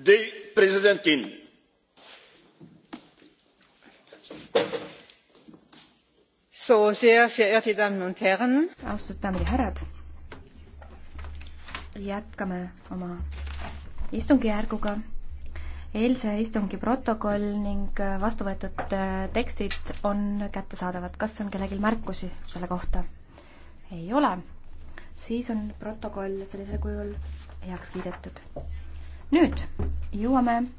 the presidentin so sehr verehrte damen und herren austatud daamid ja härrad jätkame oma istungijärguga eilse istungi protokoll ning äh, vastu võetud äh, tekstid on kättesaadavad kas on kellelgi märkusi selle kohta ei ole siis on protokoll sellisel kujul heaks kiidetud nüüd jõuame